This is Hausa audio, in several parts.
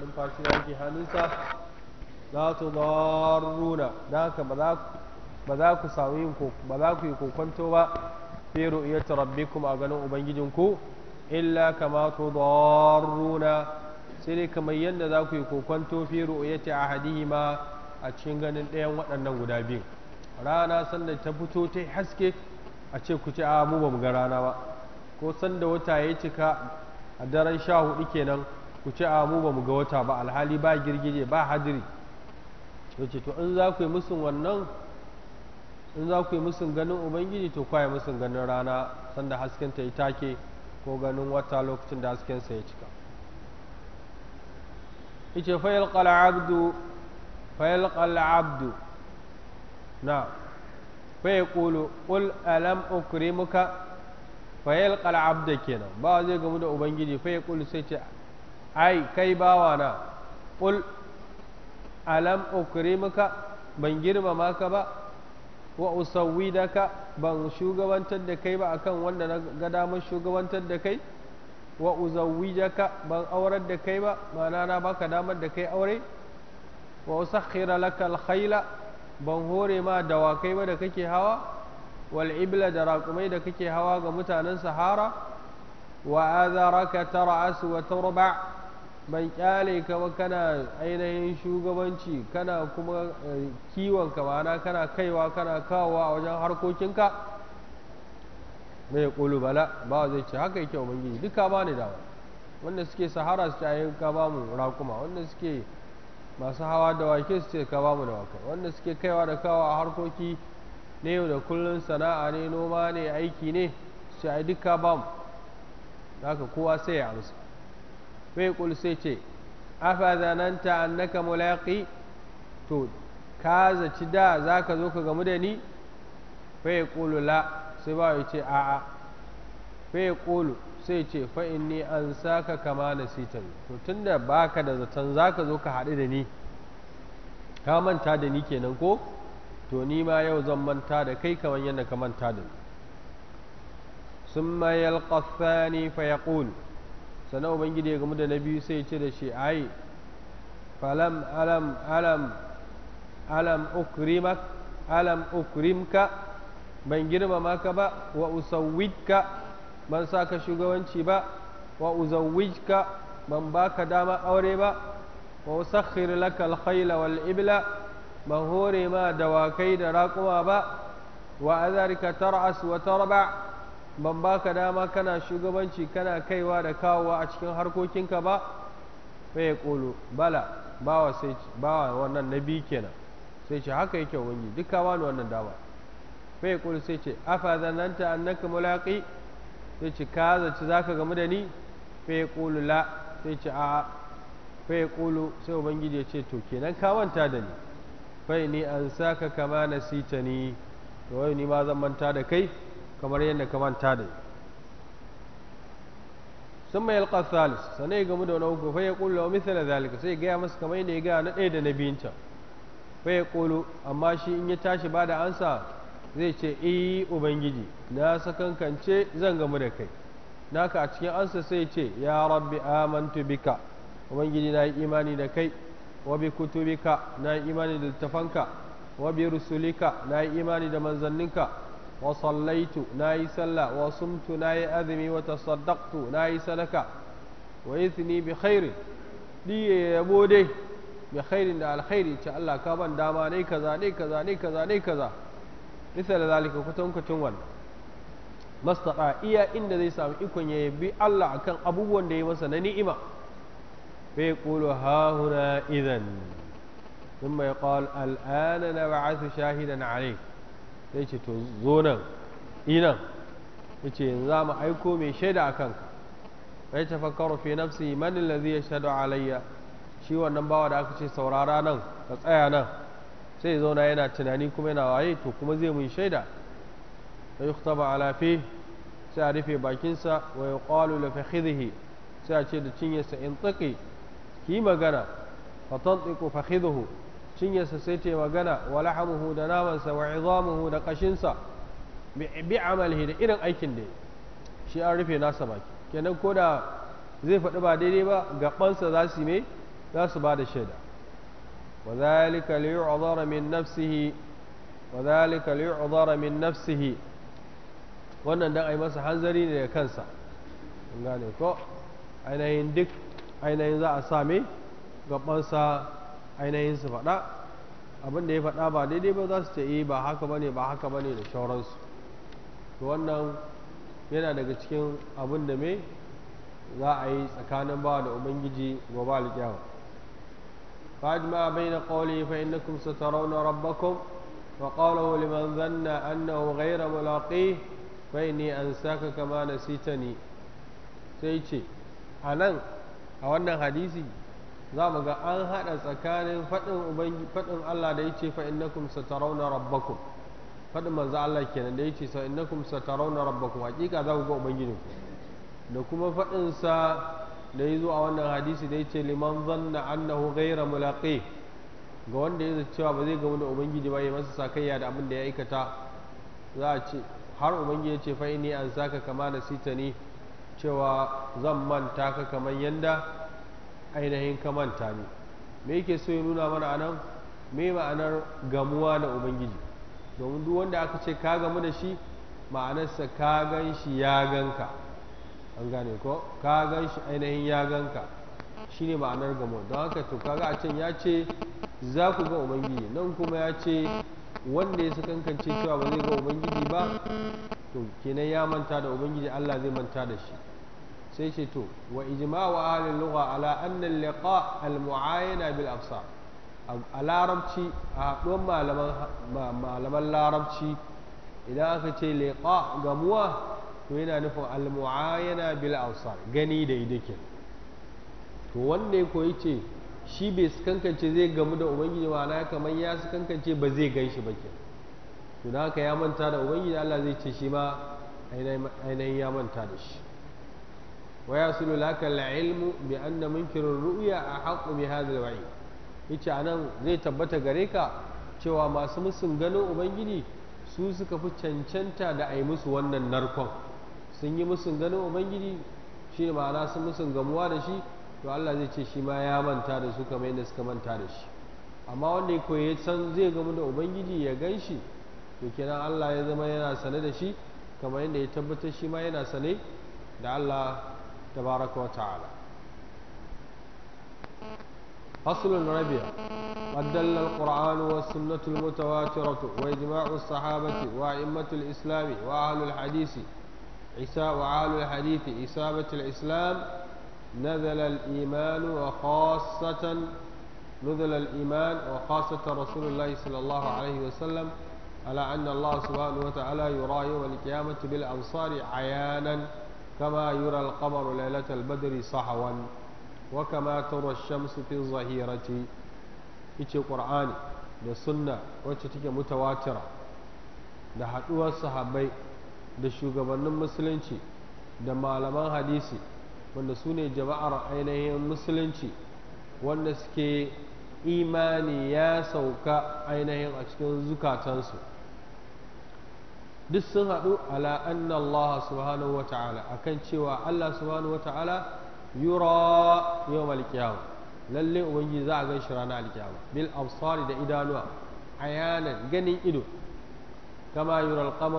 numfashi na ke hannunsa la runa da haka ba za ku samu yin ba za ku yi kokonto ba fi ru'yati rabbikum a ganin ubangijinku illa kama runa sai dai kamar yadda za ku yi kokonto fi ru'yati ma a cikin ganin ɗayan waɗannan guda biyu rana sanda ta fito ta haske a ce ku ce a mu ba mu ga rana ba ko sanda wata ya cika a daren sha hudu kenan ku ce a mu ba mu ga wata ba alhali ba girgije ba hadiri yace to in za ku yi musun wannan in za ku yi musun ganin ubangiji to kwaye musun ganin rana sanda hasken ta yi take ko ganin wata lokacin da hasken sa ya cika yace fa yalqal abdu fa yalqal abdu na fa yaqulu qul alam ukrimuka fa yalqal abdu kenan ba zai gamu da ubangiji fa yaqulu sai ce ai kai bawa na qul alam ukrimuka ban girmama ka ba wa usawwidaka ban shugabantar da kai ba akan wanda na ga damar shugabantar da kai wa ban aurar da kai ba ma'ana na baka damar da kai aure wa usakhkhira laka ban hore ma dawakai ba da kake hawa wal ibla da raƙumai da kake hawa ga mutanen sahara wa azaraka tar'asu wa turba bai kyale ka ba kana ainihin shugabanci kana kuma eh, kiwon ka ma'ana kana kaiwa kana kawowa a wajen harkokinka mai kulubala ba zai ce haka yake ubangiji duka ba ne dama wanda suke sahara su ce ka ba mu rakuma wanda suke masu hawa da wake su ce ka ba mu da wanda suke kaiwa da kawo a harkoki ne yau da kullum sana'a ne noma ne aiki ne su ce ai duka ba mu haka kowa sai ya amsa fa kul sai ce afa zananta naka mulaqi to ka zaci da ka zo ka gamu da ni fa la sai ba wa ce a a fa sai ce fa inni an saka kama nasitani to tunda baka da zaton zaka zo ka haɗu da ni ka manta da ni kenan ko to ni ma yau zan manta da kai kamar yadda ka manta da ni mayar yalqa thani fa ƙulu. sannan ubangiji ya gamu da na biyu sai ce da shi ai falam alam alam alam ukrimak alam ukrimka ban girmama ka ba wa usawwidka ban sa ka shugabanci ba wa uzawwijka ban baka dama aure ba wa usakhir laka alkhayla wal ibla ban hore ma dawakai da raƙuma ba wa azarika tar'as wa tarba' ban baka dama kana shugabanci kana kaiwa da kawowa a cikin harkokinka ba fa ya kolo bala bawa sai bawa wannan nabi kenan sai ce haka yake wani duka wani wannan dama fa ya kolo sai ce afa zananta annaka mulaqi sai ce ka zaci zaka gamu da ni fa ya kolo la sai ce a fa ya kolo sai ubangiji ya ce to kenan ka manta da ni fa ni an saka kama sita ni to wai ni ma zan manta da kai kamar yadda ka manta da sun mai alƙar salis sane ya gamu da wani uku fa ya ƙulla misal da zalika sai ya gaya masa kamar yadda ya gaya na ɗaya da na biyun can fa ƙulu amma shi in ya tashi ba da ansa zai ce i e, ubangiji na sakankance zan gamu da kai naka a cikin ansa sai ce ya rabbi amantu bika ubangiji na yi imani da kai wa bi kutubika na yi imani da littafanka wa bi rusulika na yi imani da manzanninka wa sallaitu nayi sallah wa sumtu nayi azumi wa tasaddaqtu nayi sadaka wa yathni bi khairin diye dai bi da alkhairi ce Allah ka ban dama ne kaza ne kaza ne kaza ne kaza misal zalika kutankucin wannan iya inda zai samu ikon ya bi Allah akan abubuwan da ya masa na ni'ima bai kulu ha huna idan ثم na الآن نبعث شاهدا عليك sai ce to zo nan inan ya ce yanzu za mu aiko mai shaida a ka sai ce fakkaru fi nafsi man allazi yashhadu alayya shi wannan bawa da aka ce saurara nan ka tsaya nan sai zauna yana tunani kuma yana waye to kuma zai mu shaida fa yuktaba ala fi sai a rufe bakinsa wa yuqalu la fakhidhihi sai a ce da cinyarsa in tsaki ki magana fa tantiqu fakhidhuhu cinyarsa sai ta yi magana wa lahamuhu da namansa wa izamuhu da kashinsa bi amalihi da irin aikin da shi an rufe nasa baki kenan ko da zai faɗi ba daidai ba gabansa za su mai za su ba da shaida wa zalika li yu'dhara min nafsihi wa zalika li yu'dhara min nafsihi wannan dan ai masa hanzari ne da kansa gane ko ainihin duk ainihin za a same gabansa ainihin faɗa abin da ya faɗa ba daidai ba za su ce eh, ba haka bane ba haka bane da shauransu to wannan yana daga cikin abin da me za a yi tsakanin ba da ubangiji gobe alƙiyama فأجمع بين قوله فإنكم سترون ربكم وقوله لمن ظن أنه غير ملاقيه فإني أنساك كما نسيتني سيتي أنا a wannan حديثي za mu ga an haɗa tsakanin faɗin Allah da ya ce fa innakum satarauna rabbakum faɗin manzo Allah kenan da ya ce sa innakum satarauna rabbakum hakika za ku ga ubangijinku da kuma faɗin da ya zo a wannan hadisi da ya ce liman zanna annahu ghayra mulaqi ga wanda ya cewa ba zai gama da ubangiji ba ya masa sakayya da abin da ya aikata za a ce har ubangiji ya ce fa inni an saka kama nasitani cewa zan manta ka kamar yanda ainihin kamanta ne me yake so ya nuna mana anan me ma'anar gamuwa da ubangiji domin duk wanda aka ce ka gamu da shi ma'anarsa ka gan shi ya ganka an gane ko ka gan shi ainihin ya ganka ne ma'anar gamu don haka to kaga a can ya ce za ku ga ubangiji nan kuma ya ce wanda ya sakankance cewa ba zai ga ubangiji ba to kenan ya manta da ubangiji Allah zai manta da shi sai ce to wa wa ahlul lugha ala anna liqa al muayyana bil absar a larabci a haɗuwar malaman larabci idan aka ce liqa gamuwa to yana nufin al muayyana bil absar gani da idake to wanda ya koyi ce shi bai kankance zai gamu da ubangiji na kamar ya kankance ba zai gan shi ba ke to da haka ya manta da ubangiji Allah zai ce shi ma ainihin ya manta da shi ويصل لك العلم بأن منكر الرؤيا أحق بهذا الوعيد yace anan zai tabbata gare ka cewa masu musun ganin ubangiji su suka fi cancanta da a yi musu wannan narkon sun yi musun ganin ubangiji shi ne ma'ana sun musun gamuwa da shi to Allah zai ce shi ma ya manta da su kamar yadda suka manta da shi amma wanda ya koyi san zai gamu da ubangiji ya gan shi to kenan Allah ya zama yana sane da shi kamar yadda ya tabbatar shi ma yana sane da Allah تبارك وتعالى فصل الربيع قد دل القرآن والسنة المتواترة وإجماع الصحابة وأئمة الإسلام وأهل الحديث عساء وأهل الحديث إسابة الإسلام نزل الإيمان وخاصة نزل الإيمان وخاصة رسول الله صلى الله عليه وسلم على أن الله سبحانه وتعالى يرى يوم القيامة بالأنصار عيانا كما يرى القمر ليلة البدر صحوا وكما ترى الشمس في الظهيرة إيش قرآن da sunna wacce take mutawatira da haɗuwar sahabbai da shugabannin musulunci da malaman hadisi wanda su ne jama'ar ainihin musulunci wanda suke imani ya sauka ainihin a cikin zukatansu duk sun haɗu ala anna Allah subhanahu wa ta'ala akan cewa Allah subhanahu wa ta'ala yura yawm al lalle ubangiji za a gan shi ranar al-qiyam bil absari da idanuwa ayanan ganin ido kama yura al-qamar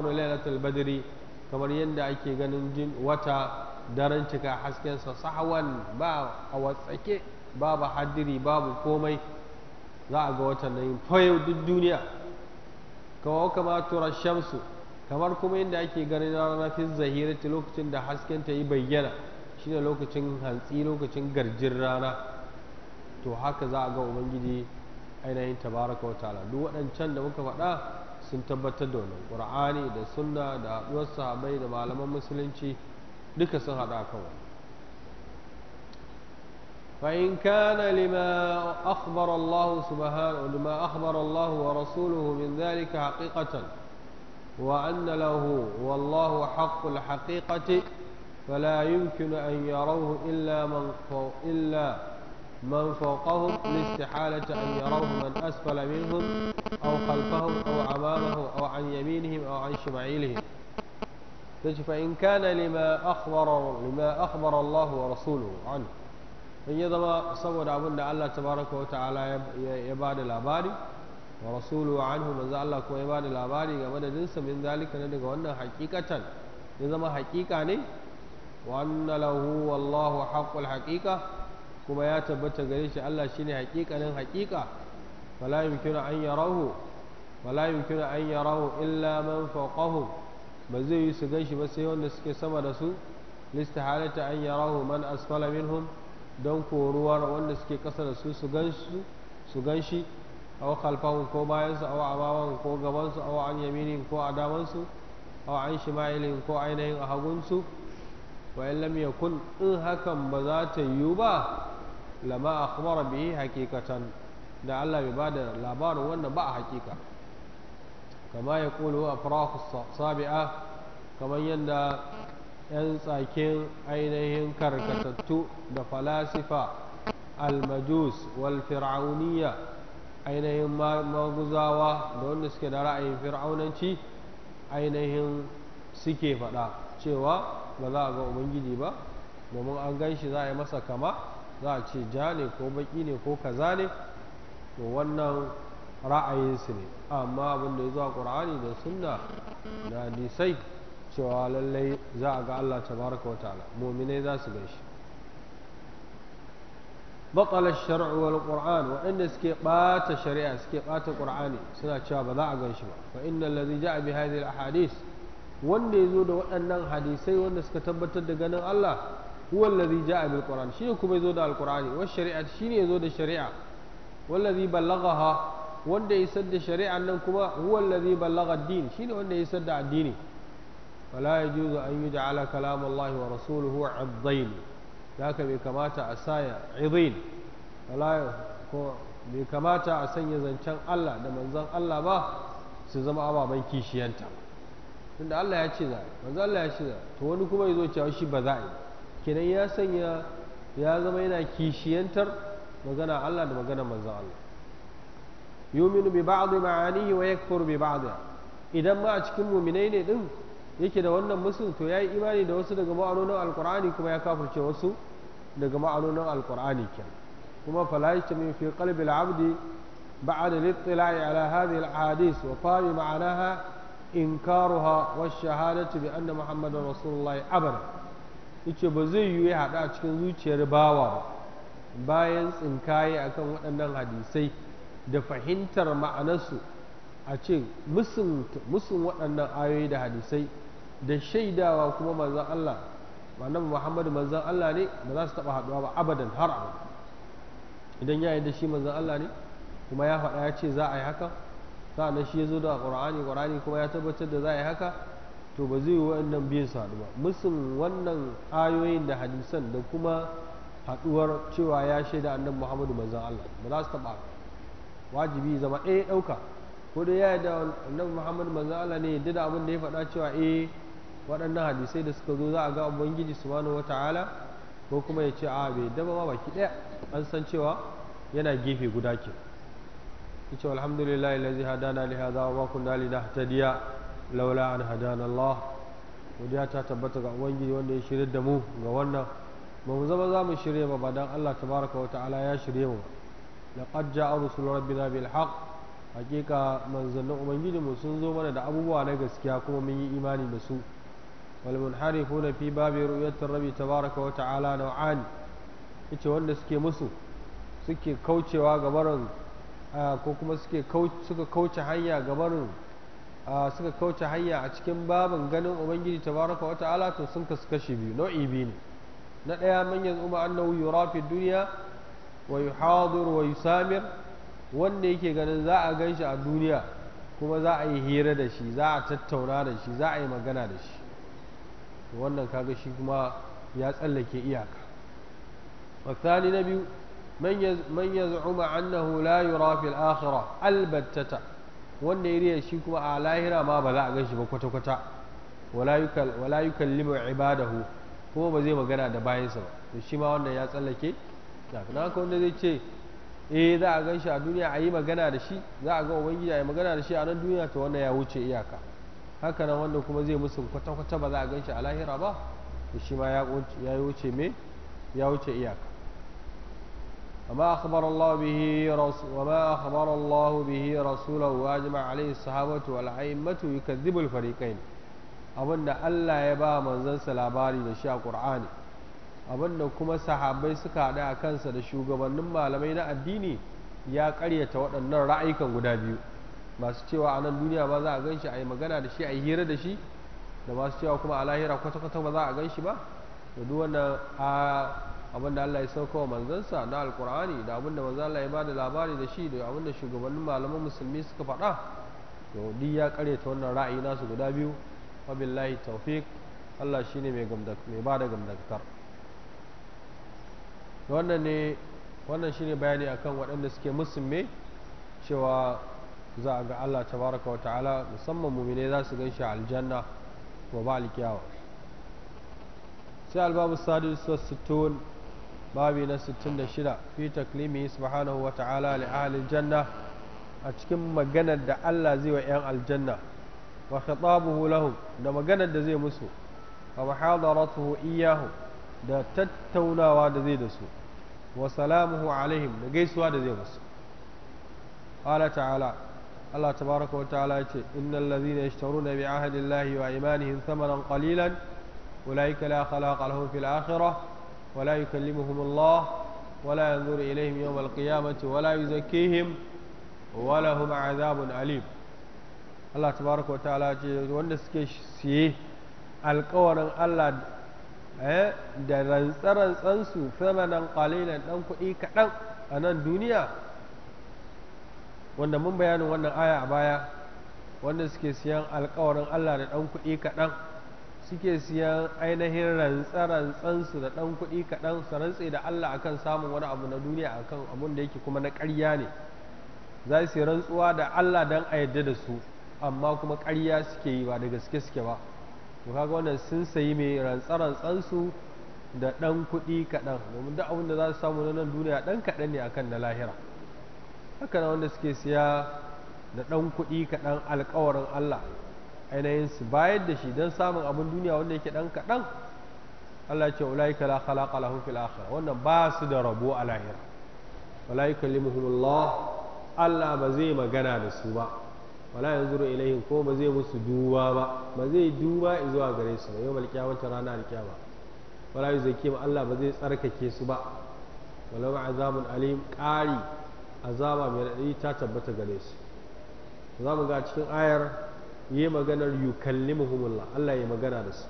badiri kamar yadda ake ganin jin wata daren cika haskensa sahawan ba a watsake babu hadiri babu komai za a ga watan nan fayo duk duniya kawo kama tura shamsu kamar kuma yadda ake ganin rana fi zahirati lokacin da hasken ta yi bayyana shine lokacin hantsi lokacin garjin rana to haka za a ga ubangiji ainihin tabaraka wa ta'ala duk waɗancan da muka faɗa sun tabbatar da wannan qur'ani da sunna da haɗuwar sahabai da malaman musulunci duka sun haɗa kan wannan فإن كان لما أخبر الله سبحانه لما أخبر الله ورسوله من ذلك وأن له والله حق الحقيقة فلا يمكن أن يروه إلا من فوق إلا من فوقهم لاستحالة أن يروه من أسفل منهم أو خلفهم أو أمامهم أو عن يمينهم أو عن شمعيلهم طيب، فإن كان لما أخبر لما أخبر الله ورسوله عنه إن يضم صور أبن الله تبارك وتعالى يبعد الأباري wa rasulu anhu manzo Allah kuma ya bada labari game da jinsa min zalika ne daga wannan hakikatan ya zama hakika ne wa anna lahu wallahu haqqul haqiqa kuma ya tabbata gare shi Allah shine hakikanin hakika wala yumkinu an yarahu wala yumkinu an yarahu illa man fawqahum ba zai yi su ganshi ba sai wanda suke sama da su listahalata an yarahu man asfala minhum don koruwar wanda suke kasa da su su ganshi aw khalfahum ko bayansu aw amaman ko gabansu aw an yaminin ko a aw an shima'ilin ko ainihin a hagunsu wa in lam yakun in hakan ba za ta yiwu ba lama akhbara bihi hakikatan da Allah bai bada labarin wannan ba a hakika kama ya kulu a sabi'a kamar yadda 'yan tsakin ainihin karkatattu da falasifa al wal fir'auniyya ainihin maguzawa da wanda suke da ra'ayin fir'aunanci ainihin suke faɗa cewa ba za a ga ubangiji ba domin an gan shi za a yi masa kama za a ce ja ne ko baki ne ko kaza ne to wannan ra'ayinsu ne amma abinda ya zuwa ƙur'ani da sunna da hadisai cewa lallai za a ga allah tabaraka wa ta'ala mominai za su gan shi batala shar'u wal qur'an waɗanda suke ɓata shari'a suke ɓata qur'ani suna cewa ba za a ganshi ba fa innal ladhi ja'a bi hadhihi al ahadith wanda yazo da waɗannan hadisai wanda suka tabbatar da ganin Allah huwa alladhi ja'a bil qur'an shine kuma yazo da al qur'ani wa shari'a shine yazo da shari'a wallazi ballagaha wanda ya isar da shari'an nan kuma huwa allazi ballaga ad-din shine wanda ya isar da addini fala yajuzu an yuj'ala kalam Allah wa rasuluhu 'addaini da haka bai kamata a saya izin ko bai kamata a sanya zancen Allah da manzon Allah ba su zama ababen kishiyanta tunda Allah ya ce za manzon Allah ya ce za to wani kuma ya zo cewa shi ba za a yi kenan ya sanya ya zama yana kishiyantar magana Allah da magana manzon Allah yuminu bi ba'd ma'anihi wa yakfuru bi ba'd idan ma a cikin muminai ne din yake da wannan musul to ya yi imani da wasu daga ma'anonin alkur'ani kuma ya kafirce wasu daga ma'anonin alkur'ani ke kuma fala min fi qalbi al ba'da al ala hadhihi al wa fahmi ma'anaha inkaruha wa shahadatu bi anna muhammadar rasulullahi abada yace ba zai yiwu ya haɗu a cikin zuciyar bawa ba bayan tsinkaye akan waɗannan hadisai da fahimtar ma'anarsu a ce musun waɗannan ayoyi da hadisai da shaidawa kuma manzon Allah annabi muhammadu manzan Allah ne ba za su taba haɗuwa ba abadan har abu idan ya da shi manzan Allah ne kuma ya faɗa ya ce za a yi haka na shi ya zo da Qur'ani Qur'ani kuma ya tabbatar da za a yi haka to ba zai yi wa'annan biyun su haɗu ba musun wannan ayoyin da hadisan da kuma haɗuwar cewa ya shaida annabi Muhammadu manzan Allah ba za su taba wajibi zama ɗaya eh, ɗauka ko dai ya yi da annabi Muhammadu manzan Allah ne yadda da abin da ya faɗa cewa eh waɗannan hadisai da suka zo za a ga ubangiji subhanahu wata'ala ko kuma ya ce a bai daba ma baki ɗaya an san cewa yana gefe guda ke yace alhamdulillah allazi hadana li hadha wa ma kunna linahtadiya laula an hadana Allah godiya ta tabbata ga ubangiji wanda ya shirya da mu ga wannan ba mu zama za mu shirya ba ba dan Allah tabaraka wa ta'ala ya shirye mu laqad ja'a rusul rabbina bil haqq hakika manzannin ubangijinmu sun zo mana da abubuwa na gaskiya kuma mun yi imani da su والمنحرفون في باب رؤية الرب تبارك وتعالى نوعان ita wanda suke musu suke kaucewa gabarin ko kuma suke suka kauce hanya gabarin suka kauce hanya a cikin babin ganin ubangiji tabaraka wa ta'ala to sun kasu biyu nau'i biyu ne na ɗaya manyan umma annahu yurafi duniya wa yuhadir wa yusamir wanda yake ganin za a ganshi a duniya kuma za a yi hira da shi za a tattauna da shi za a yi magana da shi wannan kaga shi kuma ya tsallake iyaka wasali na biyu man ya zuma annahu la يرى في الاخره البتة wanda ya riya shi kuma a lahira ma ba za a gan shi ba kwata-kwata wala yi kallimu ibadahu kuma ba zai magana da bayansa ba to shi ma wannan ya tsallake na haka wanda zai ce eh za a gan shi a duniya a yi magana da shi za a ga ubangiji a yi magana da shi a nan duniya to wannan ya wuce iyaka hakanan wanda kuma zai musu kwata-kwata ba za a gan shi a lahira ba to shi ma ya wuce me ya wuce iyaka وما أخبر الله به وما أخبر الله به رسوله وأجمع عليه الصحابة والأئمة يكذب الفريقين abinda Allah ya ba manzansa labari da shi a Qur'ani abinda kuma sahabai suka haɗa a kansa da shugabannin malamai na addini ya karyata waɗannan ra'ayikan guda biyu masu cewa a nan duniya ba za a gan shi a yi magana da shi a yi hira da shi da masu cewa kuma a lahira kwata-kwata ba za a gan shi ba da duk wannan a abin da Allah ya sauka wa manzansa na alkur'ani da abin da manzan Allah ya ba da labari da shi da abin da shugabannin malaman musulmi suka faɗa to duk ya ta wannan ra'ayi nasu guda biyu wa billahi tawfiq Allah shine mai mai ba da wannan ne wannan shine bayani akan waɗanda suke musulmi cewa za a ga Allah tabaraka wa ta'ala musamman mumine za su ganshi aljanna wa ba sai albabu sadis sittun babi na 66 fi taklimi subhanahu wa ta'ala li ahli janna a cikin maganar da Allah zai wa 'yan aljanna wa khitabuhu lahum da maganar da zai musu wa muhadaratuhu iyahu da tattaunawa da zai da su wa salamuhu alaihim da gaisuwa da zai musu قال تعالى Allah tabaraka wa ta'ala ya ce innal ladhina yashtaruna bi ahdillahi wa imanihim thamanan qalilan ulaika la khalaqa lahum fil akhirah wa la yukallimuhum Allah wa la yanzuru ilayhim yawm al qiyamati wa la yuzakkihim wa lahum adhabun alim Allah tabaraka wa ta'ala ya ce wanda suke siye alƙawarin Allah eh, da rantsarantsansu samanan ƙalilan ɗan kuɗi kaɗan a nan duniya wanda mun bayanin wannan aya a baya wanda suke siyan alkawarin Allah da ɗan kuɗi kaɗan suke siyan ainihin rantsarantsansu da ɗan kuɗi kaɗan su rantse da Allah akan samun wani abu na duniya akan abun da yake kuma na ƙarya ne za su rantsuwa da Allah don a yadda da su amma kuma ƙarya suke yi ba da gaske suke ba to kaga wannan sun sayi mai rantsarantsansu da ɗan kuɗi kaɗan domin duk abin da za su samu na nan duniya ɗan kaɗan ne akan na lahira haka na wanda suke siya da ɗan kuɗi kaɗan alkawarin Allah ainihin su bayar da shi don samun abin duniya wanda yake ɗan kaɗan Allah ce ulaika la khalaqa lahum fil akhirah wannan ba su da rabo a lahira wala yukallimuhumullah Allah ba zai magana da su ba wala yanzuru ilaihim ko ba zai musu duba ba ba zai duba zuwa gare su ba yawmal qiyamati rana alqiyama wala yuzakkihim Allah ba zai tsarkake su ba wala walau azabun alim qari azaba mai raɗi ta tabbata gare su za mu ga cikin ayar yi maganar yukallimuhumullah Allah ya magana da su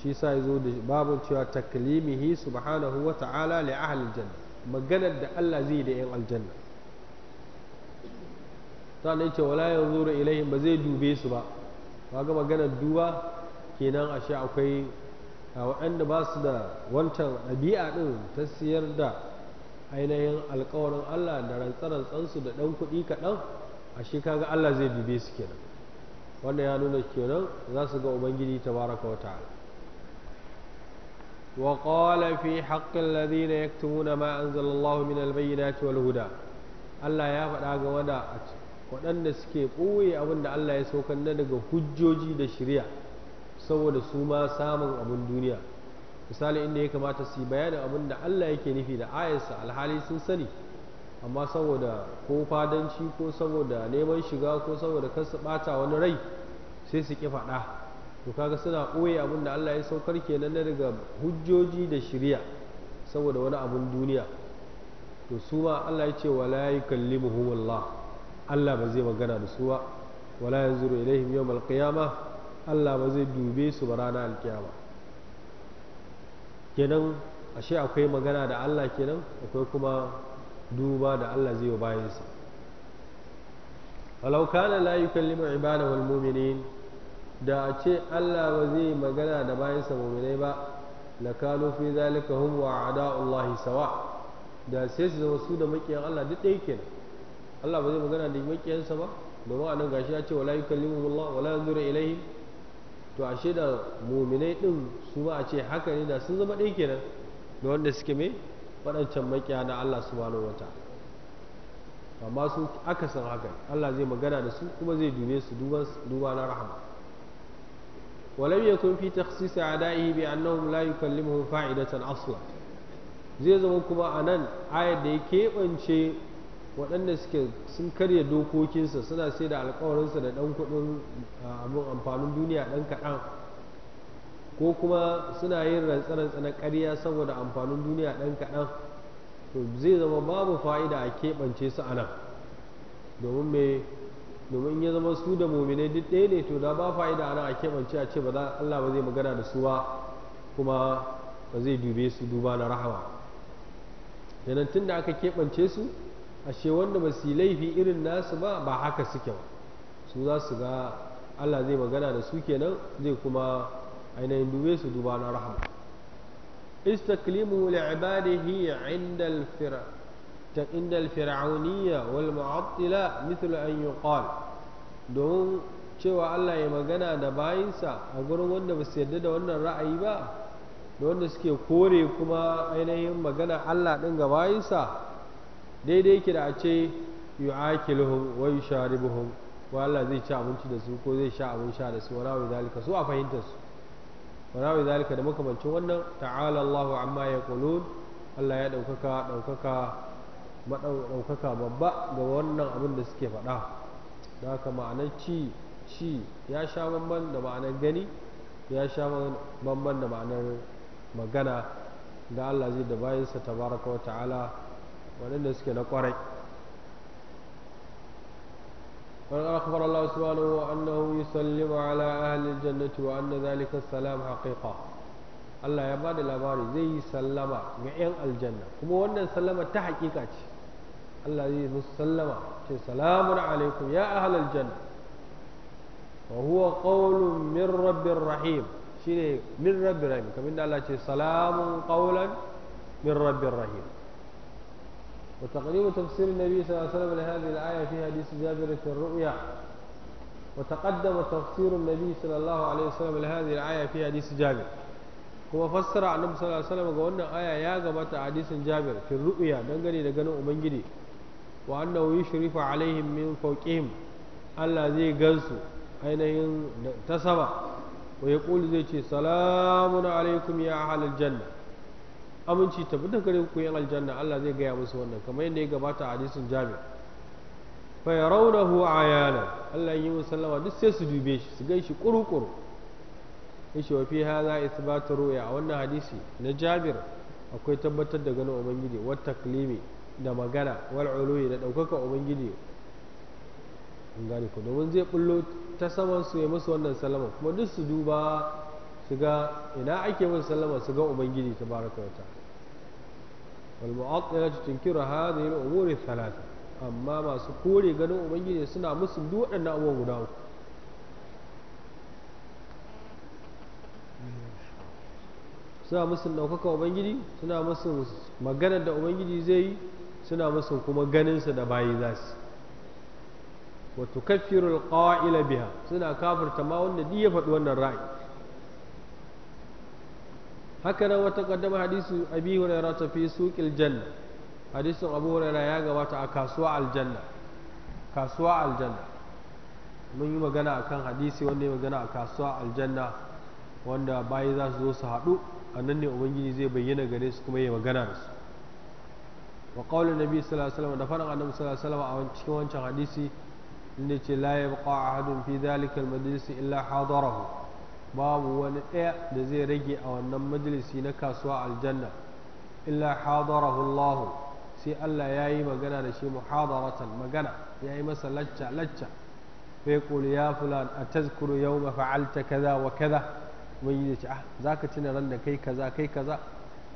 shi sa ya zo da babin cewa taklimihi subhanahu wa ta'ala li halin janna maganar da Allah zai da yan aljanna ta ne ce wala yanzuru ilaihim ba zai dube su ba ba kaga maganar duba kenan ashe akwai waɗanda ba su da wancan ɗabi'a ɗin ta siyar da ainihin alkawarin Allah da su da ɗan kuɗi kaɗan a shi kaga Allah zai dube su kenan wannan ya nuna kenan za su ga ubangiji tabaraka wa ta'ala وقال في حق الذين يكتمون ما min الله na ciwal والهدى allah ya فدا ga wanda waɗanda suke ɓoye abin Allah ya saukar na daga hujjoji da shirya saboda su ma samun abin duniya misali inda ya kamata su yi bayanin abin da Allah yake nufi da ayarsa alhali sun sani amma saboda ko fadanci ko saboda neman shiga ko saboda kar su bata wani rai sai su ƙi faɗa to kaga suna ɓoye abin da Allah ya saukar kenan na daga hujjoji da shirya saboda wani abin duniya to su ma Allah ya ce wala yukallimuhum Allah Allah ba zai magana da su ba wala yanzuru ilaihim yawmal qiyamah Allah ba zai dube su ba ranar alkiyama kenan ashe akwai magana da Allah kenan akwai kuma duba da Allah zai bayansa walau kana la yukallimu ibadahu almu'minin da a ce Allah ba zai magana da bayansa mu'minai ba la kanu fi zalika hum wa Allah sawa da sai su zama su da makiyan Allah duk ɗaya kenan Allah ba zai magana da makiyansa ba domin a nan gashi a ce wala layukan Allah wala yanzuru ilaihim to ashe da muminai din su ma a ce haka ne da sun zama ɗaya kenan da wanda suke mai waɗancan makiya na Allah subhanahu wa ta'ala amma su aka san haka Allah zai magana da su kuma zai dube su duba na rahama ولم يكن في تخصيص أعدائه بأنهم لا يكلمهم fa'idatan asla zai zama kuma a nan ayar da ya keɓance waɗanda suke sun karya dokokinsa suna sai da alkawarinsa da ɗan kuɗin amfanin duniya ɗan kaɗan ko kuma suna yin rantsarantsa karya na ƙarya saboda amfanin duniya ɗan kaɗan to zai zama babu fa'ida a keɓance su a domin me domin ya zama su da mominai duk ɗaya ne to da ba fa'ida a nan a keɓance a ce ba za Allah ba zai magana da su ba kuma ba zai dube su duba na rahama yanan tun da aka keɓance su ashe wanda ba su laifi irin nasu ba ba haka suke ba su za su ga Allah zai magana da su kenan zai kuma ainihin dube su duba na rahama istaklimu li'ibadihi 'inda al-fira عند الفرعونية والمعطلة مثل أن cewa Allah ya magana da bayinsa a gurin wanda ba su yarda da wannan ra'ayi ba da wanda suke kore kuma ainihin magana Allah ɗin ga bayinsa daidai yake da a ce yu'akiluhum wa yusharibuhum wa Allah zai ci abinci da su ko zai sha abin sha da su wa rawi zalika su a fahimtar su wa rawi zalika da makamancin wannan ta'ala Allahu amma yaqulun Allah ya daukaka daukaka madaukaka babba ga wannan abin da suke faɗa da haka ma'anar ci ci ya sha bamban da ma'anar gani ya sha bamban da ma'anar magana da Allah zai da bayansa tabaraka wa ta'ala waɗanda suke na ƙwarai قد أخبر الله سبحانه أنه ala على أهل الجنة وأن ذلك السلام حقيقة Allah ya bada labari zai yi sallama ga 'yan aljanna kuma wannan sallama ta hakika ce Allah zai musu sallama ce salamun alaikum ya ahal aljanna wa huwa qawlun min rabbir rahim shine min rabbir rahim kamar da Allah ce salamun qawlan min rabbir rahim وتقريب تفسير النبي صلى الله عليه وسلم لهذه الآية في حديث جابر في الرؤيا وتقدم تفسير النبي صلى الله عليه وسلم لهذه الآية في حديث جابر كما فسر عن النبي صلى الله عليه وسلم قولنا آية يا قبط حديث جابر في الرؤيا دنقني لقنا أمنجدي وأنه يشرف عليهم من فوقهم الذي قلسوا أين تسمى ويقول ذلك سلام عليكم يا أهل الجنة aminci tafi da gare ku yin aljanna Allah zai gaya musu wannan kamar yadda ya gabata a hadisin jami fa yarawnahu ayana Allah yi sallama duk sai su dube shi su ganshi kurukuru shi wa fi hadha isbatu ru'ya a wannan hadisi na Jabir akwai tabbatar da ganin ubangiji wa taklimi da magana wal uluwi da daukaka ubangiji in gane ku domin zai bullo ta saman su ya musu wannan sallama kuma duk su duba su ina ake musu sallama su ga ubangiji tabaraka wa ta'ala والمعطلة تنكر هذه الأمور الثلاثة أما ما سكوري قالوا أبنجي سنة مسلم دون أن أمو غناو suna musun ɗaukaka ubangiji suna musun maganar da ubangiji zai yi suna musun kuma ganin ganinsa da bayi za su wato kafirul qa'ila biha suna kafirta ma wanda duk ya faɗi wannan ra'ayi haka wata kaddama hadisu abi hurairah ta fi suqil janna hadisin abu hurairah ya gabata a kasuwa aljanna kasuwa aljanna mun yi magana akan hadisi wanda ya magana a kasuwa aljanna wanda bayi za su zo su hadu a nan ne ubangiji zai bayyana gare su kuma ya magana da su wa qaulin nabi sallallahu alaihi wasallam da faɗin annabi sallallahu alaihi wasallam a cikin wancan hadisi inda ce la yabqa ahadun fi dhalika al-majlis illa hadarahu babu wani ɗaya da zai rage a wannan majalisi na kasuwa aljanna illa hadarahu Allah sai Allah ya yi magana da shi muhadaratan magana ya yi masa lacca lacca fa kuli ya fulan a tazkuru yau fa'alta kaza wa kaza wani ya ce ah za ka tuna ran da kai kaza kai kaza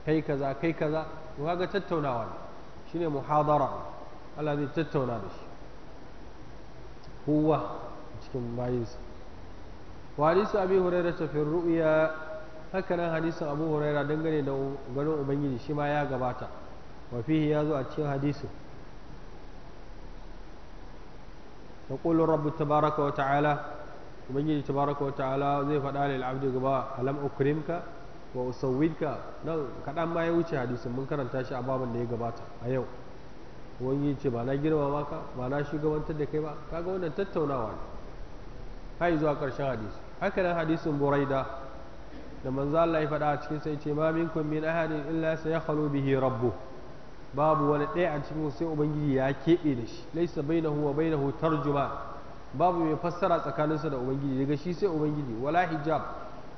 kai kaza kai kaza to kaga tattaunawa ne shine muhadara Allah zai tattauna da shi huwa cikin bayinsa wa hadisu abi huraira ta fi ru'ya hakanan hadisin abu huraira dangane da ganin ubangiji shi ma ya gabata wa ya zo a cikin hadisin يقول الرب تبارك وتعالى ubangiji tabaraka wata'ala zai faɗa lil abdi gaba alam ukrimka wa usawwidka nan kaɗan ma ya wuce hadisin mun karanta shi a babin da ya gabata a yau ubangiji ce ba na girma maka ba na shugabantar da kai ba kaga wannan tattaunawa ne kai zuwa ƙarshen hadisi haka nan hadisin buraida da manzo Allah ya faɗa a cikin sai ce ma minkum min ahadin illa sayakhlu bihi rabbu babu wani ɗaya a cikin sai ubangiji ya keɓe da shi laisa bainahu wa bainahu tarjuma babu mai fassara tsakaninsa da ubangiji daga shi sai ubangiji wala hijab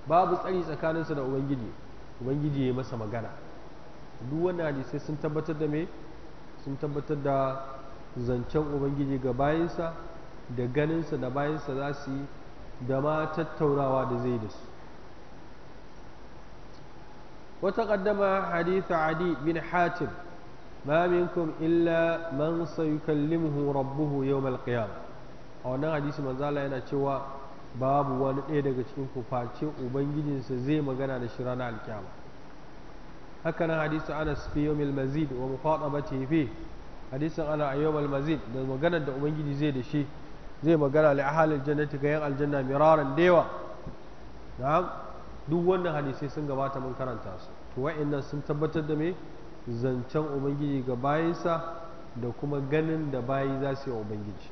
babu tsari tsakaninsa da ubangiji ubangiji ya masa magana duk wannan hadisai sun tabbatar da me sun tabbatar da zancen ubangiji ga bayinsa. da ganinsa da bayansa za su yi da ma tattaunawa da zai da su wata kaddama haditha adi bin hatim ma minkum illa man sayukallimuhu rabbuhu yau qiyam a wannan hadisi Manzala yana cewa babu wani ɗaya daga cikin ku ubangijinsa zai magana da shi na alkiyama haka nan hadisi anas fi yawmil mazid wa mufadabati fi hadisin ana a yawmal da magana da ubangiji zai da shi zai magana li ahalil jannati ga yan aljanna miraran dewa na'am duk wannan hadisai sun gabata mun karanta su to wa'annan sun tabbatar da me zancen ubangiji ga bayinsa da kuma ganin da bayi za su yi ubangiji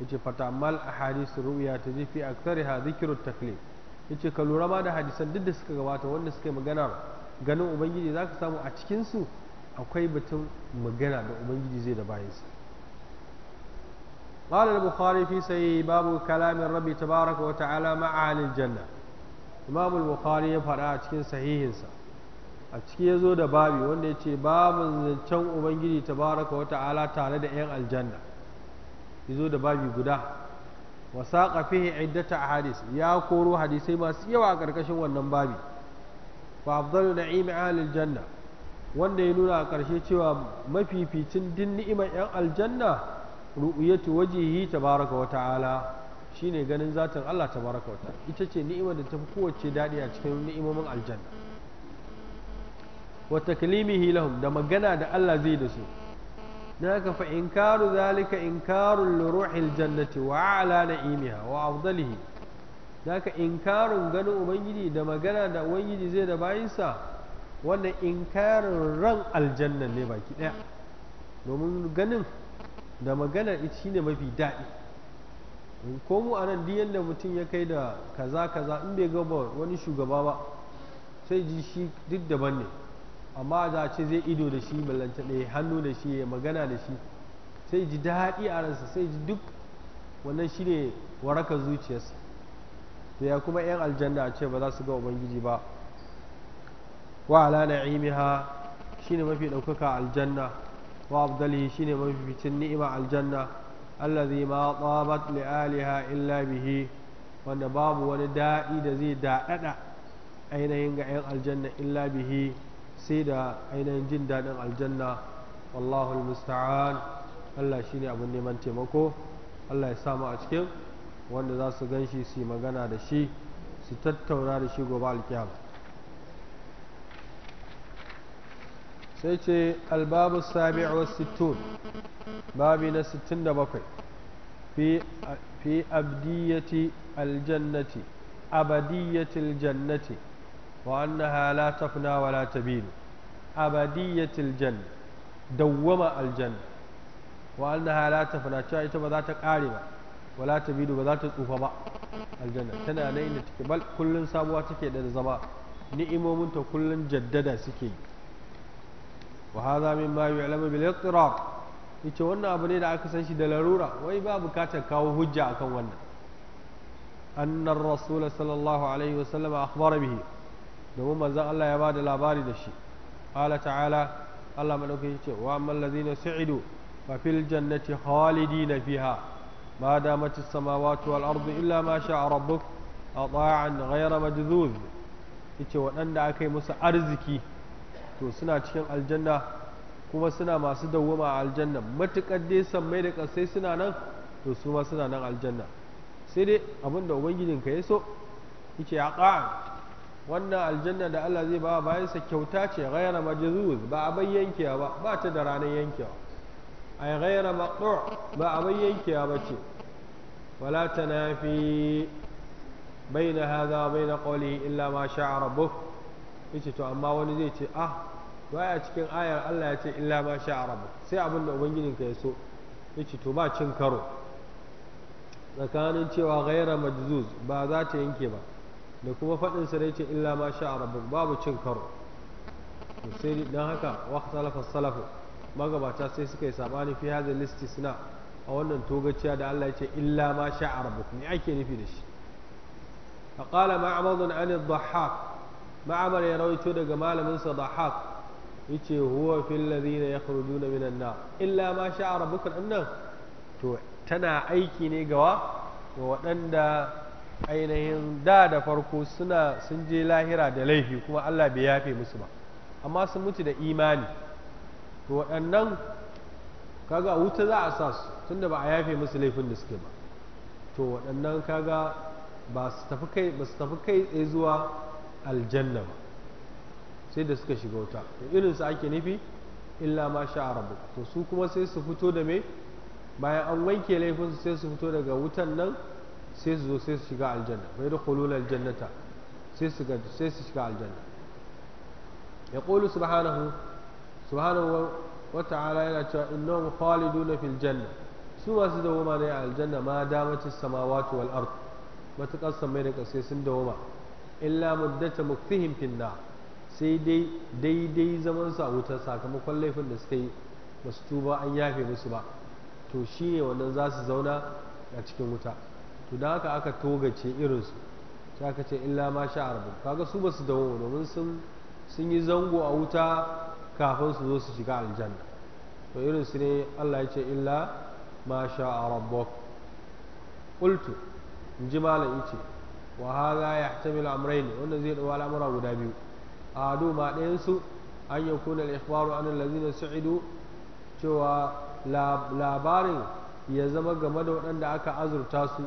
yace fatamal ahadis ru'ya ji fi aktsariha zikru taklif yace ka lura ma da hadisan duk da suka gabata wanda suka yi magana ganin ubangiji zaka samu a cikin su akwai batun magana da ubangiji zai da bayinsa. Malam Bukhari fiye sai ya yi babu kalaman Rabi'a ta Baraka wata ala macaliljanna. Lubabu Bukhari ya faɗi a cikin sahihinsa. A ciki yazo zo da Babu wanda ya ce babu mai can uban gini tare da 'yan aljanna. Ya da Babu guda. Wasu sakafin ya iddata a Hadis, ya koro Hadisai masu yawa karkashin wannan babi Ba a gano Na'imi macaliljanna. Wanda ya nuna karshe cewa mafificin dilli mai 'yan aljanna. ru'uyatu wajhihi tabaraka wa shine ganin zatin Allah ta wa ita ce ni'imar da ta fi kowace daɗi a cikin ni'imomin aljanna wa taklimihi lahum da magana da Allah zai da su naka fa inkaru zalika inkarun li ruhil jannati wa ala na'imiha wa afdalihi naka inkarun ganin ubangiji da magana da ubangiji zai da bayinsa wannan inkarin ran aljanna ne baki ɗaya domin ganin da magana shi ne mafi daɗi ko mu a nan duk yadda mutum ya kai da kaza kaza in bai gaba wani shugaba ba sai ji shi duk daban ne amma za ce zai ido da shi ballanta ɗaya hannu da shi ya magana da shi sai ji daɗi a ransa sai ji duk wannan shi ne waraka zuciyarsa to ya kuma 'yan aljanna a ce ba za su ga ubangiji ba wa ala na'imiha shine mafi ɗaukaka aljanna wa abdali shi ne mafificin ni'imar aljanna allah zai ma tsabat la'aliha illa bihi wanda babu wani daɗi da zai daɗaɗa ainihin ga 'yan aljanna illa bihi sai da ainihin jin daɗin aljanna wallahu al-musta'an allah shi ne abin neman taimako allah ya samu a cikin wanda za su gan su yi magana da shi su tattauna da shi gobe alkiyar سيتي الباب السابع والستون بابنا ستين دبقي في في أبدية الجنة أبدية الجنة وأنها لا تفنى ولا تبين أبدية الجنة دوم الجنة وأنها لا تفنى شايت بذات قاربة ولا تبين بذات أفبا الجنة تنا نين تكبل كل سابواتك إلى الزبا نئمومنت كل جددا سكي wa hadha mimma yu'lamu yace wannan abu ne da aka san shi da larura wai ba bukatar kawo hujja akan wannan anna ar-rasul sallallahu alaihi wasallam akhbara bihi domin manzon Allah ya bada labari da shi qala ta'ala Allah madaukakin yace wa amman ladina su'idu fa fil jannati khalidina fiha ma damat as-samawati wal ardu illa ma sha'a rabbuk ata'an ghayra majzuz yace waɗanda aka yi musu arziki to suna cikin aljanna kuma suna masu dawwama a aljanna matukar dai san mai da ƙasai suna nan to su ma suna nan aljanna sai dai abin da ka ya so yake ya ƙa'a wannan aljanna da Allah zai ba sa kyauta ce ghayra majzuz ba abin yankewa ba ba ta da ranar yankewa ay ghayra maqtu' ba abin yankewa ba ce wala tanafi bayna hadha bayna qawli illa ma sha'a rabbuh yace to amma wani zai ce ah baya cikin ayar Allah ya ce illa ma sha rabbuk sai abin da ubangijin ya so yace to ba cin karo tsakanin cewa ghaira majzuz ba za ta yanke ba da kuma faɗin sa yace illa ma sha rabbuk babu cin karo sai dan haka waqta lafa salafu magabata sai suka yi sabani fi hadha listisna a wannan togaciya da Allah ya ce illa ma sha rabbuk me ake nufi da shi فقال معبد عن الضحاك ma'amar ya rawaito daga malamin sa dahak yace huwa fil ladina yakhrujuna minan na illa ma sha'a rabbukum annan to tana aiki ne gawa ga waɗanda ainihin da da farko suna sun je lahira da laifi kuma Allah bai yafe musu ba amma sun mutu da imani to waɗannan kaga wuta za a sa su tunda ba a yafe musu laifin da suke ba to waɗannan kaga ba su tafi kai tsaye zuwa aljanna ba sai da suka shiga wuta da irin su ake nufi illa ma sha rabu to su kuma sai su fito da me bayan an wanke laifin su sai su fito daga wutan nan sai su zo sai su shiga aljanna bai da khulul aljannata sai su sai su shiga aljanna ya qulu subhanahu subhanahu wa ta'ala yana cewa innahum khaliduna fil janna su masu dawoma ne a aljanna ma damatis samawati wal ard matakar samai da kasai sun dawoma illa muddata muktihim finna sai dai daidai zaman su a wuta sakamakon laifin da suka yi ba su tuba an yafe musu ba to shi ne wannan za su zauna a cikin wuta to da haka aka togace irinsu sai aka ce illa ma sha arba kaga su ba su dawo domin sun yi zango a wuta kafin su zo su shiga aljanna to irinsu ne Allah ya ce illa ma sha rabbuk qultu in ji malam yace wa hadha yahtamilu amrayn wannan zai dawo al'amura guda biyu hadu ma ɗayan su an yakuna al-ikhbaru an su su'idu cewa labarin ya zama game da waɗanda aka azurta su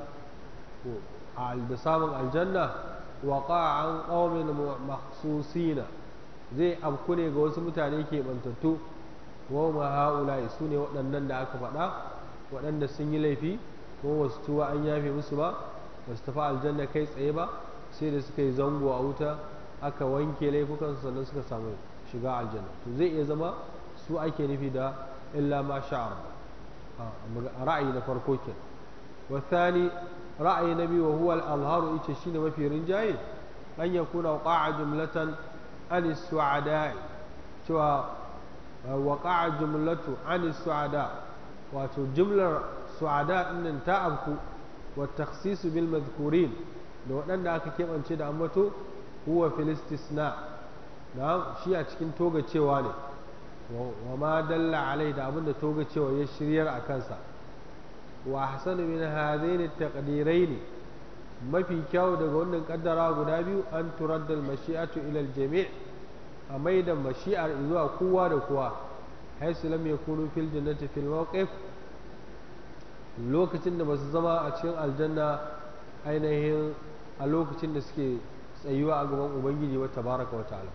da samun aljanna waƙa an ƙaumin maksusina zai abku ne ga wasu mutane ke bantattu wa ma su ne waɗannan da aka faɗa waɗanda sun yi laifi ko wasu tuwa an yafe musu ba ba su tafi aljanna kai tsaye ba sai da suka yi zango a wuta aka wanke laifukan sannan suka samu shiga aljanna to zai iya zama su ake nufi da illa ma sha'ar ra'ayi na farko ke wasani ra'ayi na biyu wa huwa al-azharu ita shine mafi rinjaye an yakuna qa'a jumlatan an su'ada'i cewa jumlatu an su'ada wato jumlar su'ada din ta afku wa takhsisu bil madhkurin da waɗanda aka keɓance da ambato huwa filistisna na shi a cikin toga cewa ne wa ma dalla alai da abinda toga cewa ya shiryar a kansa wa hasanu min hadaini taqdiraini mafi kyau daga wannan kaddara guda biyu an turaddal mashi'atu ila al-jami' a maida mashi'ar zuwa kuwa da kowa haisu lam yakunu fil jannati fil mawqif lokacin da masu zama a cikin aljanna ainihin a lokacin da suke tsayuwa a gaban ubangiji wa tabaraka wa ta'ala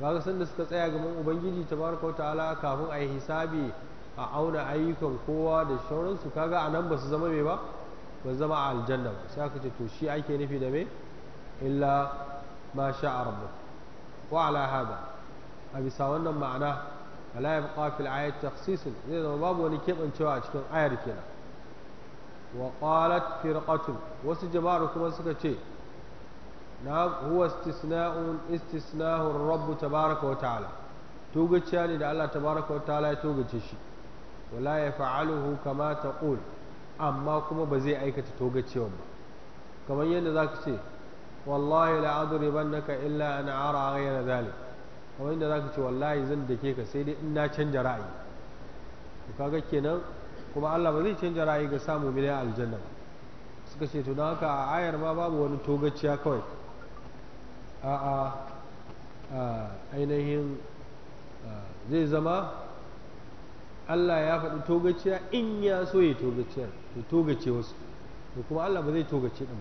kaga san da suka tsaya gaban ubangiji tabaraka wa ta'ala kafin a yi hisabi a auna ayyukan kowa da shauransu kaga a nan ba su zama mai ba ba zama a aljanna ba sai aka ce to shi ake nufi da me illa ma sha rabbuk wa ala hada a bisa wannan ma'ana ala yabqa fil ayat takhsisun zai zama babu wani keɓancewa a cikin ayar kenan wa qalat wasu jama'ar kuma suka ce na huwa istisna'un istisna'ur tabaraka wa ta'ala tugaciya ne da Allah tabaraka wa ta'ala ya tugace shi wala yaf'aluhu kama taqul amma kuma ba zai aikata togacewan ba kamar yadda zaka ce wallahi la adribannaka illa an ara ghayra zalik kamar yadda zaka ce wallahi zan dake ka sai dai in na canja ra'ayi to kaga kenan kuma Allah ba zai canja ra'ayi ga samu mina aljanna ba suka ce to don haka a ayar ma babu wani togaciya kawai a a ainihin zai zama Allah ya faɗi togaciya in ya so ya togaciyar to togace wasu to kuma Allah ba zai togace ɗin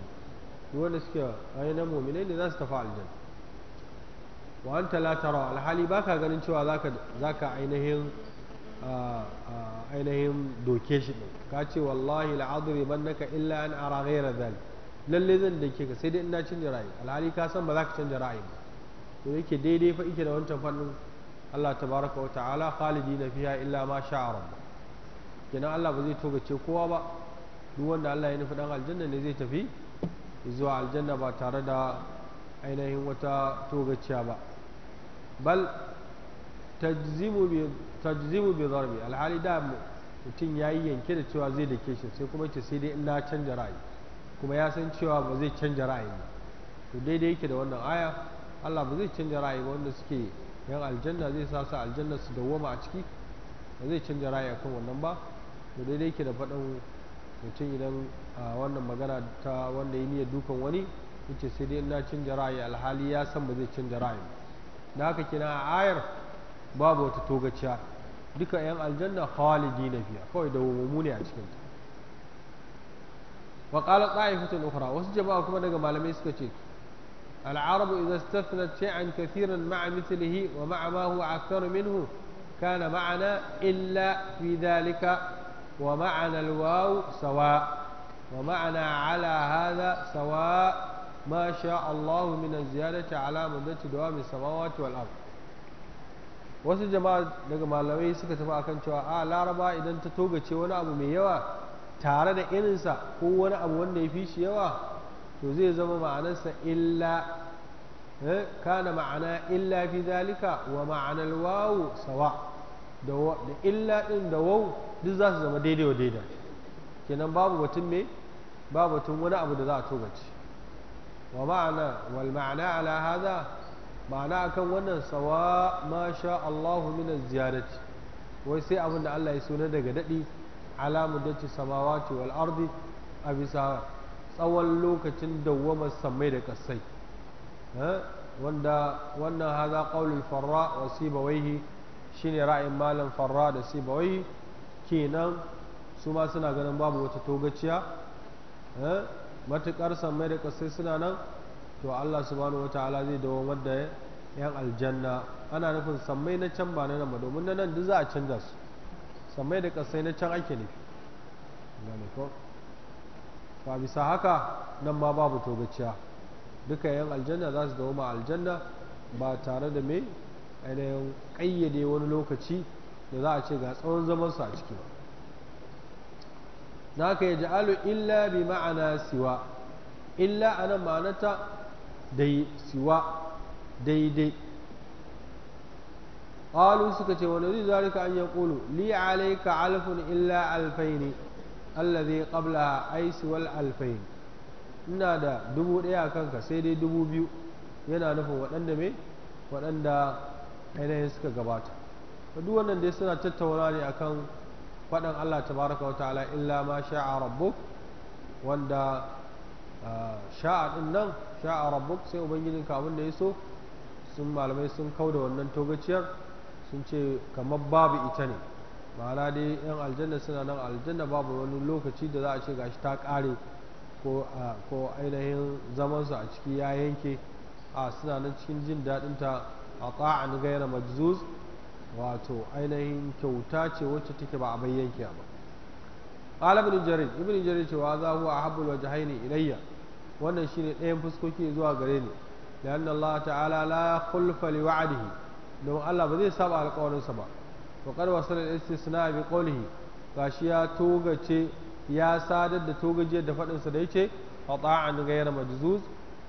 ba wanda suke ainihin mominai ne za su tafi aljanna wa an alhali ba ka ganin cewa za ka ainihin ainihin doke shi ka ce wallahi la'adri bannaka illa an ara ghayra dhalik lalle zan dake ka sai dai ina canja ra'ayi alhali ka san ba za ka canja ra'ayi ba to yake daidai fa ike da wancan fannin Allah tabaraka wa ta'ala na fiya illa ma sha'a rabbuk kenan Allah ba zai togace kowa ba duk wanda Allah ya nufi dan aljanna ne zai tafi zuwa aljanna ba tare da ainihin wata togaciya ba bal tajzimu bi zarbi alhali da mutum ya yi yanke da cewa zai da shi sai kuma ce sai dai in na canja ra'ayi kuma ya san cewa ba zai canja ra'ayi to daidai yake da wannan aya Allah ba zai canja ra'ayi ba wanda suke yan aljanna zai sa su aljanna su dawwama a ciki ba zai canja ra'ayi akan wannan ba to daidai yake da faɗin mutum idan wannan magana ta wanda ya niyyar dukan wani yace sai dai in na canja ra'ayi alhali ya san ba zai canja ra'ayi da haka kina ayar babu wata togaciya duka 'yan aljanna khalidi na fiya kawai da wumu ne a cikin ta wa qala ta'ifatun ukhra wasu jama'a kuma daga malamai suka ce العرب إذا استثنت شيئا كثيرا مع مثله ومع ما هو أكثر منه كان معنا إلا في ذلك ومعنى الواو سواء ومعنى على هذا سواء ما شاء الله من الزيادة على مدة دوام السماوات والأرض wasu jama'a daga malamai suka tafi akan cewa a laraba idan ta togace wani abu mai yawa tare da irinsa ko wani abu wanda ya fi shi yawa to zai zama ma'anarsa illa eh, kana ma'ana illa fi zalika wa ma'anar wawu sawa da illa din da wau duk za su zama daidai wa daidai kenan babu batun me babu batun wani abu da za a togace wa ma'ana wal ma'ana ala hadha ma'ana akan wannan sawa ma sha Allahu minan ziyarati wai sai abin da Allah ya suna daga daɗi alamun da dace samawati wal ardi a bisa tsawon lokacin dawwamar samai da kasai wanda wannan haza qaulul farra wa sibawaihi shine ra'ayin malam farra da sibawaihi kenan su ma suna ganin babu wata togaciya matuƙar samai da kasai suna nan to Allah subhanahu wataala zai dawamar da yan aljanna ana nufin sammai na can ba na nan ba domin na nan duk za a canza su sammai da kasai na can ake nufi gane ko ba bisa haka nan ma babu togaciya duka yan aljanna za su dawoma aljanna ba tare da mai ainihin ƙayyade wani lokaci da za a ce ga tsawon zaman su a ciki ba na ka ji ja'alu illa bi ma'ana siwa illa a nan ma'anata dai siwa daidai qalu suka ce zai zari zalika an ƙulu li alfun illa alfayn alladhi a ai siwal alfai ina da dubu daya kanka sai dai dubu biyu yana nufin waɗanda me waɗanda ainihin suka gabata duk wannan dai suna tattauna ne akan faɗin Allah tabaraka wa ta'ala illa ma sha'a rabbu wanda Ah, sha'a din nan sha'a rabbuk sai ubangijin ka abin da ya so sun malamai sun kau da wannan togaciyar sun ce kamar babu ita ne ma'ana dai yan aljanna suna nan aljanna babu wani lokaci da za a ce gashi ta kare ah, ko ainihin zamansu a ciki ya yanke a ah, suna nan cikin jin daɗinta a ta'an gaira majzuz wato ainihin kyauta ce wacce take ba a bayyanke ba قال ابن جرير ابن جرير وهذا هو أحب الوجهين إليّ wannan shine ɗayan fuskoki zuwa gare ni da yadda Allah ta'ala la khulfa li wa'dihi don Allah ba zai saba alkawarinsa ba to kar wa sanar suna bi qawlihi gashi ya togace ya sadar da togajiyar da faɗin sa da yace ata'an ghayra majzuz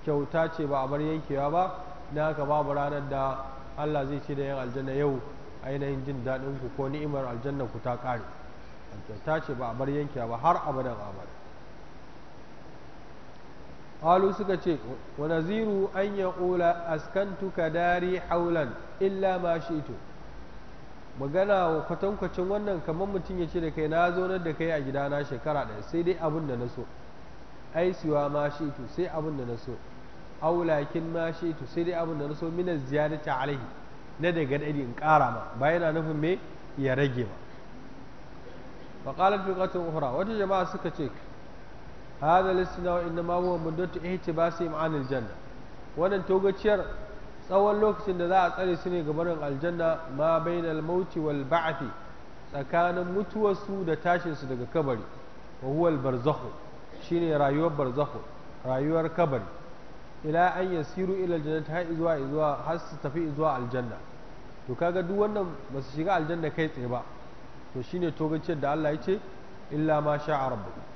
kyauta ce ba a bar yankewa ba na ka babu ranar da Allah zai ce da yan aljanna yau ainihin jin daɗin ku ko ni'imar aljanna ku ta ƙare kyauta ce ba a bar yankewa ba har abadan abada قالوا suka ce wa يقول an داري askantuka dari haulan illa ma magana wa kwatankwacin wannan kamar mutum ya ce da kai na nan da kai a gidana shekara ɗaya sai dai abin da na so ai siwa ma shi'tu sai abin da na so aulakin ma shi'tu sai dai abin da na so min ziyadati alaihi na daga dadi in ƙara ma ba yana nufin me ya rage ba faqalat qatun ukhra wata jama'a suka ce hada listinau inda ma huwa muddatu ihtibasim anil janna wannan togaciyar tsawon lokacin da za a tsare su ne gabanin aljanna ma bainal mauti wal ba'thi tsakanin mutuwarsu da tashinsu daga kabari wa huwa al barzakhu shine rayuwar barzakhu rayuwar kabari ila an yasiru ila aljannati har zuwa zuwa har su tafi zuwa aljanna to kaga duk wannan ba su shiga aljanna kai tsaye ba to shine togaciyar da Allah ya ce illa ma sha'a rabbuka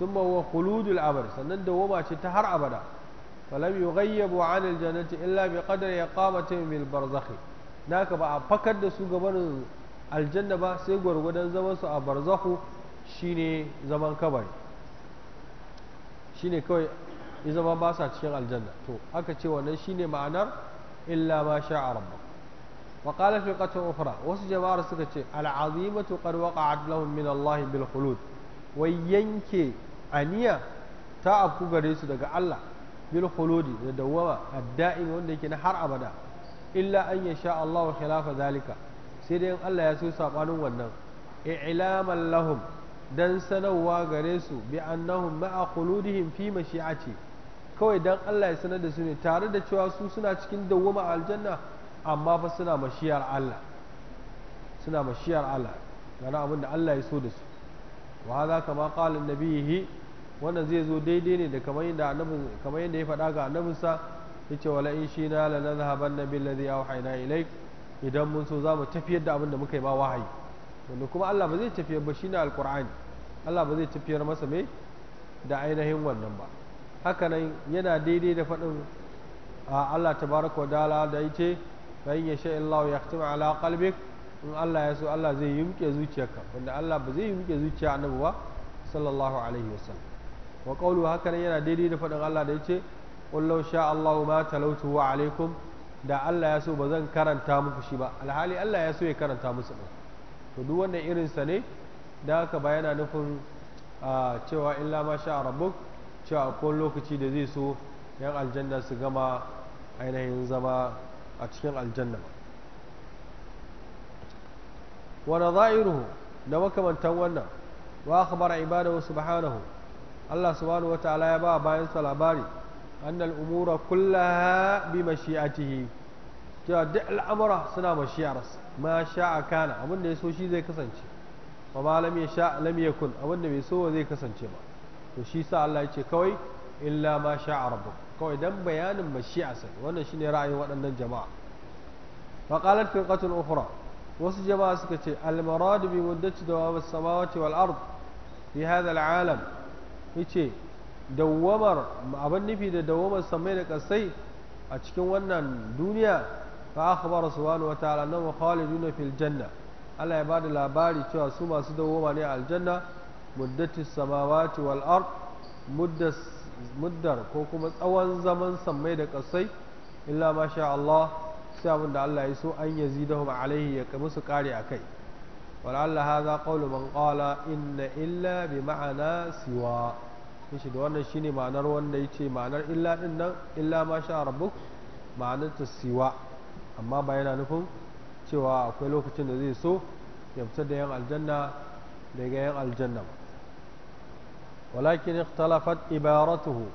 ثم هو خلود الأبد سنن دوما تهر أبدا فلم يغيب عن الجنة إلا بقدر إقامتهم بالبرزخ ناك بقى فكر دسو قبل الجنة با سيقور ودن زمن سو أبرزخ شيني زمن كبر شيني كوي إذا ما باسا تشين الجنة تو هكا تشيوانا شيني معنى إلا ما شاء ربك وقال فرقة أخرى وسجمار سكتش العظيمة قد وقعت لهم من الله بالخلود وينكي aniya ta afku gare su daga Allah bil khuludi da dawwama adda'i daim wanda yake na har abada illa an yasha Allah wa khilafa zalika sai dai Allah ya so sabanin wannan i'laman lahum dan sanarwa gare su bi annahum ma'a khuludihim fi mashi'ati kawai dan Allah ya sanar da su ne tare da cewa su suna cikin dawwama aljanna amma fa suna mashiyar Allah suna mashiyar Allah ga abin da Allah ya so da su wa hadha kama qala an-nabiyhi wannan zai zo daidai ne da kamar yadda annabin kamar yadda ya faɗa ga annabinsa yace wala in shi na lana zahaban nabi alladhi awhayna ilaik idan mun so za mu tafiyar da abin da muka yi ba wahayi wanda kuma Allah ba zai tafiyar ba shine alqur'ani Allah ba zai tafiyar masa me da ainihin wannan ba haka nan yana daidai da faɗin Allah tabaraka wa ta'ala da yace fa in yasha Allah yahtimu ala qalbik in Allah ya so Allah zai yimke zuciyarka wanda Allah ba zai yimke zuciya annabi ba sallallahu alaihi wasallam wa qawlu haka yana daidai da faɗin Allah da yace ce law sha Allahu ma talawtu wa alaikum da Allah ya so ba zan karanta muku shi ba alhali Allah ya so ya karanta musu din to duk wannan irin sa ne da haka ba yana nufin cewa illa ma sha rabbuk cewa akwai lokaci da zai so yan aljanna su gama ainihin zama a cikin aljanna wa nadha'iruhu da makamantan wannan wa akhbara ibadahu subhanahu Allah subhanahu wataala ya ba bayansa labari annal umura kullaha bi mashi'atihi cewa duk al'amura suna mashi'arsa ma sha'a kana abin da ya so shi zai kasance ba ma lam yasha lam yakun abin da bai so zai kasance ba to shi sa Allah ya ce kawai illa ma sha'a rabbuk kawai dan bayanin mashi'a wannan shine ra'ayin waɗannan jama'a fa qalat firqatun ukhra wasu jama'a suka ce al marad bi muddati dawam samawati wal ard fi hadha al alam yace dawwamar abin nufi da dawwamar samai da kasai a cikin wannan duniya fa akhbar subhanahu wa ta'ala annahum khaliduna fil janna Allah ya bada labari cewa su masu dawwama ne a aljanna muddatis samawati wal ard muddas muddar ko kuma tsawon zaman samai da kasai illa masha Allah sai abin da Allah ya so an yazidahum alaihi ya musu kare akai ولعل هذا قول من قال إن إلا بمعنى سوى shi da wannan ne ma'anar wanda ya ce ma'anar illa din nan illa ma sha rabbuk ma'anar ta siwa amma ba yana nufin cewa akwai lokacin da zai so ya fitar da yan aljanna daga yan aljanna walakin ikhtalafat ibaratuhu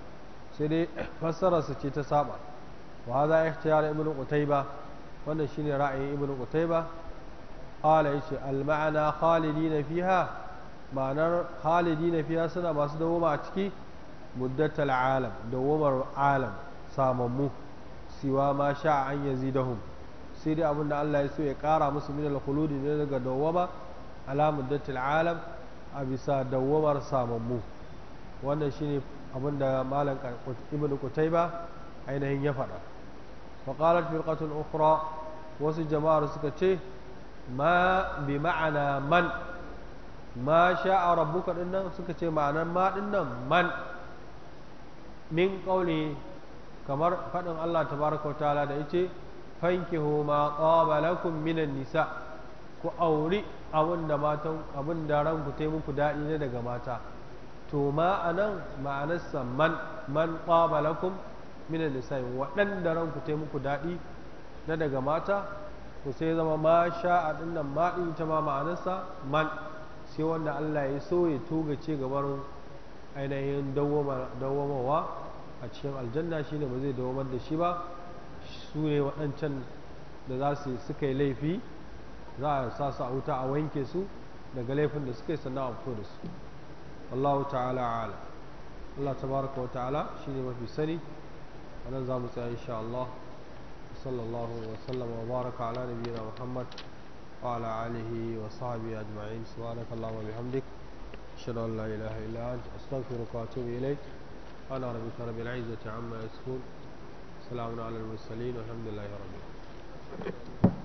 sai dai fassararsa ce ta saba wa hadha ikhtiyar ibnu qutayba wannan shine ra'ayin ibnu qutayba qala yace al ma'ana khalidina fiha ma'anar khalidina fiha suna masu dawoma a ciki muddatal alam dawomar alam samammu siwa ma sha an yazidahum sai dai abin da Allah ya so ya kara musu min al khuludi ne daga dawoma ala muddatil alam a bisa dawomar samammu wannan shine abin da malam ibn kutaiba ainihin ya faɗa فقالت فرقة أخرى wasu jama'ar suka ce ma bi ma'ana man ma sha'a rabbuka din suka ce ma'anar ma dinnan man min qauli kamar faɗin Allah tabaraka wa ta'ala da yace fankihu ma qabalakum minan nisa ku auri abinda matan abinda ranku tai muku daɗi ne daga mata to ma anan ma'anarsa man man qabalakum minan nisa waɗanda ranku tai muku daɗi na daga mata to sai zama ma sha din nan ma din ta ma ma'anarsa man sai wanda Allah ya so ya toga ce gabar ainihin dawamawa a cikin aljanna shine ba zai dawamar da shi ba su ne waɗancan da za su suka yi laifi za a sa su a wuta a wanke su daga laifin da suka yi sannan a fito da su Allah ta'ala ala Allah tabaraka wa ta'ala shine mafi sani anan za mu tsaya insha Allah وصلى الله وسلم وبارك على نبينا محمد وعلى آله وصحبه أجمعين سبحانك اللهم وبحمدك أشهد أن لا إله إلا أنت أستغفرك وأتوب إليك أنا ربك رب العزة عما يصفون سلام على المرسلين والحمد لله رب العالمين